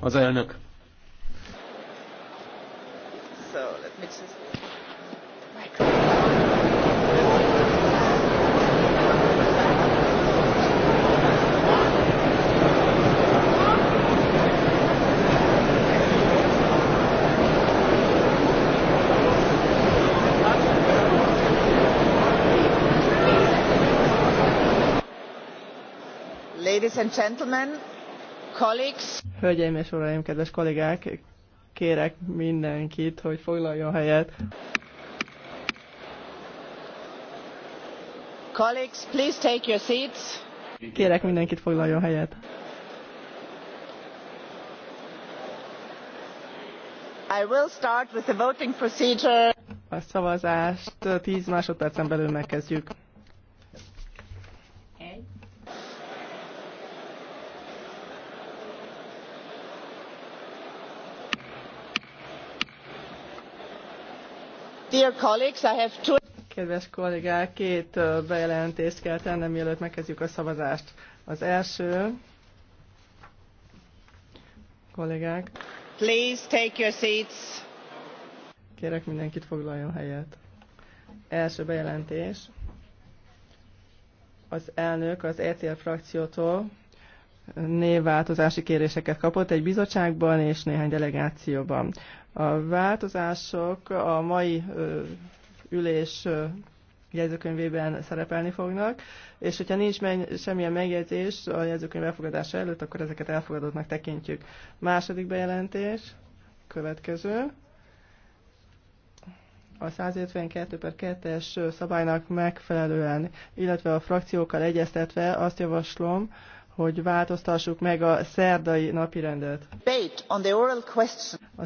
Az elnök. So, let Ladies and gentlemen, colleagues. Hölgyeim és uraim, kedves kollégák, kérek mindenkit, hogy foglaljon helyet. Colleagues, please take your seats. Kérek mindenkit foglaljon helyet. I will start with the voting procedure. A szavazást 10 másodpercen belül megkezdjük. Kedves kollégák, két bejelentést kell tennem, mielőtt megkezdjük a szavazást. Az első, kollégák, Please take your seats. Kérek mindenkit foglaljon helyet. Első bejelentés. Az elnök az ECR frakciótól névváltozási kéréseket kapott egy bizottságban és néhány delegációban. A változások a mai ülés jegyzőkönyvében szerepelni fognak, és hogyha nincs men- semmilyen megjegyzés a jegyzőkönyv elfogadása előtt, akkor ezeket elfogadottnak tekintjük. Második bejelentés, következő. A 152 per 2-es szabálynak megfelelően, illetve a frakciókkal egyeztetve azt javaslom, hogy változtassuk meg a szerdai napirendet.